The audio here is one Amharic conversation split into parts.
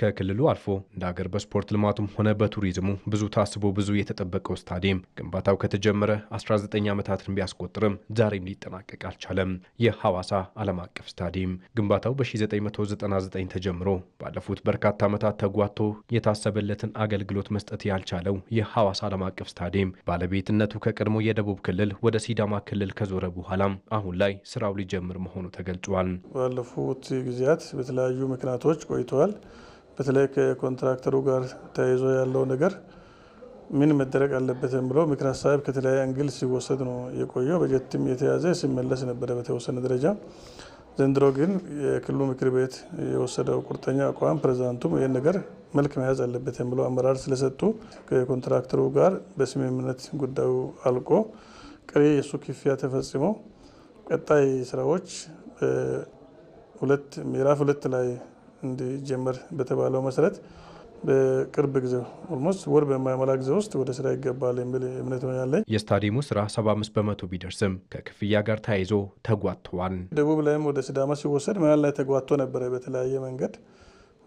ከክልሉ አልፎ እንደ ሀገር በስፖርት ልማቱም ሆነ በቱሪዝሙ ብዙ ታስቦ ብዙ የተጠበቀው ስታዲየም ግንባታው ከተጀመረ 19 ዓመታትን ቢያስቆጥርም ዛሬም ሊጠናቀቅ አልቻለም። የሐዋሳ ዓለም አቀፍ ስታዲየም ግንባታው በ1999 ተጀምሮ ባለፉት በርካታ ዓመታት ተጓቶ የታሰበለትን አገልግሎት መስጠት ያልቻለው የሐዋሳ ዓለም አቀፍ ስታዲየም ባለቤትነቱ ከቀድሞ የደቡብ ክልል ወደ ሲዳማ ክልል ከዞረ በኋላም አሁን ላይ ስራው ሊጀምር መሆኑ ተገልጿል። ባለፉት ጊዜያት በተለያዩ ምክንያቶች ቆይተዋል። በተለይ ከኮንትራክተሩ ጋር ተያይዞ ያለው ነገር ምን መደረግ አለበት ብሎ ምክር ሀሳብ ከተለያየ አንግል ሲወሰድ ነው የቆየው። በጀትም የተያዘ ሲመለስ ነበረ በተወሰነ ደረጃ። ዘንድሮ ግን የክልሉ ምክር ቤት የወሰደው ቁርጠኛ አቋም ፕሬዚዳንቱም ይህን ነገር መልክ መያዝ አለበት ብሎ አመራር ስለሰጡ ከኮንትራክተሩ ጋር በስምምነት ጉዳዩ አልቆ ቀሪ የእሱ ክፍያ ተፈጽሞ ቀጣይ ስራዎች ሁለት ምዕራፍ ሁለት ላይ እንዲጀመር በተባለው መሰረት በቅርብ ጊዜ ኦልሞስት ወር በማይሞላ ጊዜ ውስጥ ወደ ስራ ይገባል የሚል እምነት ነው ያለኝ። የስታዲየሙ ስራ 75 በመቶ ቢደርስም ከክፍያ ጋር ተያይዞ ተጓትቷል። ደቡብ ላይም ወደ ሲዳማ ሲወሰድ መሀል ላይ ተጓቶ ነበረ በተለያየ መንገድ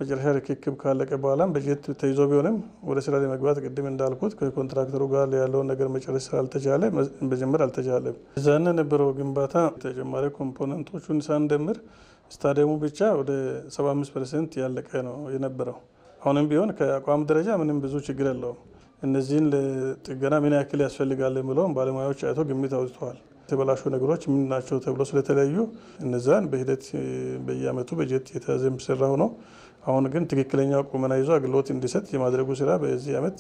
መጨረሻ ርክክብ ካለቀ በኋላም በጀት ተይዞ ቢሆንም ወደ ስራ ለመግባት ቅድም እንዳልኩት ከኮንትራክተሩ ጋር ያለውን ነገር መጨረስ ስላልተቻለ መጀመር አልተቻለም። እዛና የነበረው ግንባታ ተጨማሪ ኮምፖነንቶቹን ሳንደምር ስታዲየሙ ብቻ ወደ 75 ፐርሰንት ያለቀ ነው የነበረው። አሁንም ቢሆን ከአቋም ደረጃ ምንም ብዙ ችግር የለውም። እነዚህን ለጥገና ምን ያክል ያስፈልጋል የሚለውን ባለሙያዎች አይቶ ግምት አውጥተዋል። የተበላሹ ነገሮች ምን ናቸው ተብሎ ስለተለያዩ እነዛን በሂደት በየአመቱ በጀት የተያዘ የሚሰራ ሆኖ አሁን ግን ትክክለኛ ቁመና ይዞ አገልግሎት እንዲሰጥ የማድረጉ ስራ በዚህ አመት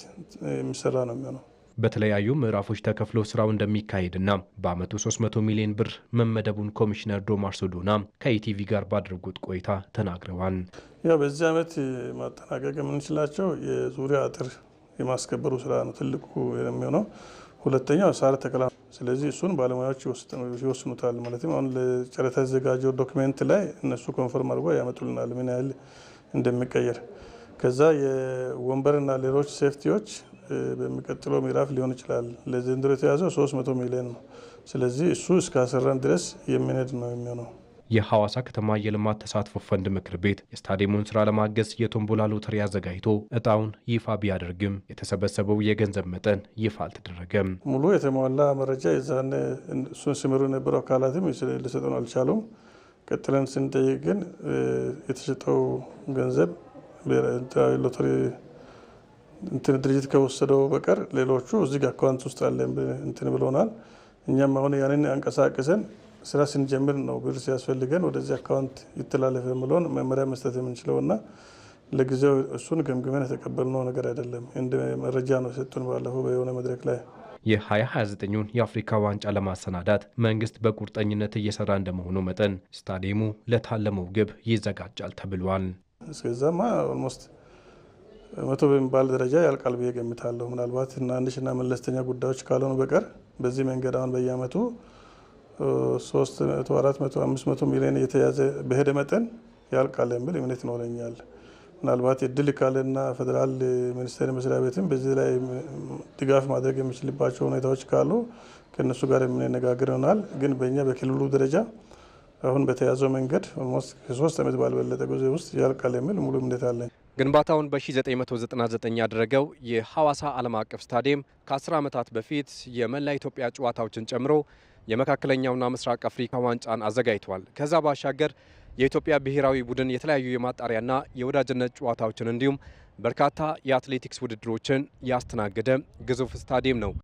የሚሰራ ነው የሚሆነው። በተለያዩ ምዕራፎች ተከፍሎ ስራው እንደሚካሄድና በአመቱ 300 ሚሊዮን ብር መመደቡን ኮሚሽነር ዶማርሶ ዶና ከኢቲቪ ጋር ባደረጉት ቆይታ ተናግረዋል። ያው በዚህ አመት ማጠናቀቅ የምንችላቸው የዙሪያ አጥር የማስከበሩ ስራ ነው ትልቁ የሚሆነው። ሁለተኛው ሳር ተከላ። ስለዚህ እሱን ባለሙያዎች ይወስኑታል ማለት ነው። አሁን ለጨረታ የተዘጋጀው ዶክሜንት ላይ እነሱ ኮንፈርም አድርጎ ያመጡልናል ምን ያህል እንደሚቀየር። ከዛ የወንበርና ሌሎች ሴፍቲዎች በሚቀጥለው ምዕራፍ ሊሆን ይችላል። ለዘንድሮ የተያዘው 300 ሚሊዮን ነው። ስለዚህ እሱ እስከ አስራን ድረስ የሚነድ ነው የሚሆነው። የሐዋሳ ከተማ የልማት ተሳትፎ ፈንድ ምክር ቤት የስታዲየሙን ስራ ለማገዝ የቶምቦላ ሎተሪ አዘጋጅቶ እጣውን ይፋ ቢያደርግም የተሰበሰበው የገንዘብ መጠን ይፋ አልተደረገም። ሙሉ የተሟላ መረጃ የዛን እሱን ስምሩ የነበሩ አካላትም ሊሰጡን አልቻሉም። ቀጥለን ስንጠይቅ ግን የተሸጠው ገንዘብ ሎተሪ እንትን ድርጅት ከወሰደው በቀር ሌሎቹ እዚህ አካውንት ውስጥ አለ እንትን ብሎናል። እኛም አሁን ያንን አንቀሳቅሰን ስራ ስንጀምር ነው ብር ሲያስፈልገን ወደዚህ አካውንት ይተላለፍ የምለውን መመሪያ መስጠት የምንችለው እና ለጊዜው እሱን ገምግመን የተቀበልነው ነገር አይደለም። እንደ መረጃ ነው የሰጡን ባለፈው በየሆነ መድረክ ላይ የ2029ን የአፍሪካ ዋንጫ ለማሰናዳት መንግስት በቁርጠኝነት እየሰራ እንደመሆኑ መጠን ስታዲየሙ ለታለመው ግብ ይዘጋጃል ተብሏል። እስከዛማ ኦልሞስት መቶ በሚባል ደረጃ ያልቃል ብዬ ገምታለሁ። ምናልባት ትናንሽና መለስተኛ ጉዳዮች ካልሆኑ በቀር በዚህ መንገድ አሁን በየአመቱ ሶስት መቶ አራት መቶ አምስት መቶ ሚሊዮን እየተያዘ በሄደ መጠን ያልቃል የሚል እምነት ይኖረኛል። ምናልባት እድል ካለና ፌዴራል ሚኒስቴር መስሪያ ቤትም በዚህ ላይ ድጋፍ ማድረግ የሚችልባቸው ሁኔታዎች ካሉ ከእነሱ ጋር የምንነጋገር ይሆናል። ግን በእኛ በክልሉ ደረጃ አሁን በተያዘው መንገድ ኦልሞስት ከሶስት ዓመት ባልበለጠ ጊዜ ውስጥ ያልቃል የሚል ሙሉ እምነት አለኝ። ግንባታውን በ1999 ያደረገው የሐዋሳ ዓለም አቀፍ ስታዲየም ከ10 ዓመታት በፊት የመላ ኢትዮጵያ ጨዋታዎችን ጨምሮ የመካከለኛውና ምስራቅ አፍሪካ ዋንጫን አዘጋጅቷል። ከዛ ባሻገር የኢትዮጵያ ብሔራዊ ቡድን የተለያዩ የማጣሪያና የወዳጅነት ጨዋታዎችን እንዲሁም በርካታ የአትሌቲክስ ውድድሮችን ያስተናገደ ግዙፍ ስታዲየም ነው።